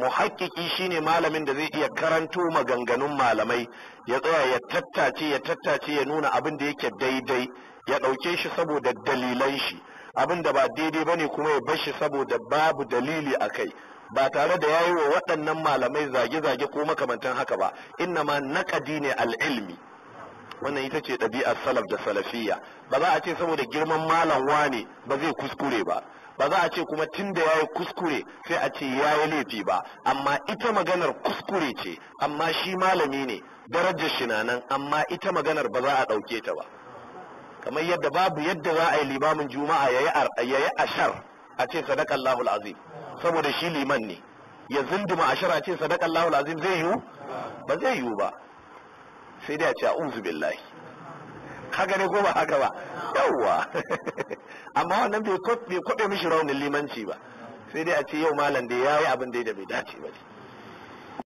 muhakkiki shine malamin da zai iya karanto maganganun malamai ya tsaya ya tattace ya tattace ya nuna abin da yake daidai ya ɗauke shi saboda dalilan shi abin da ba daidai bane kuma ya bashi saboda babu dalili a kai ba tare da yayi wa waɗannan malamai zage-zage ko makamantan haka ba inna ma naƙadi ne ilmi wannan ita ce ɗabi'ar salaf da salafiyya ba za a ce saboda girman malam wane ba zai kuskure ba ba za a ce kuma tun da yi kuskure sai a ce ya yi laifi ba amma ita maganar kuskure ce amma shi malami ne darajar shi nan amma ita maganar ba za a ɗauke ta ba kamar yadda babu yadda za a yi limamin juma'a yi ashar a ce sadaqallahu azim saboda shi liman ne ya zinduma ashar a ce sadaqallahu azim zai yiwu ba zai yiwu ba sai dai a ce a'udhu billahi haka ne ko ba haka ba yawwa amma wannan bai kwabe mishi raunin limanci ba sai dai a ce yau malam da yi abin da bai dace ba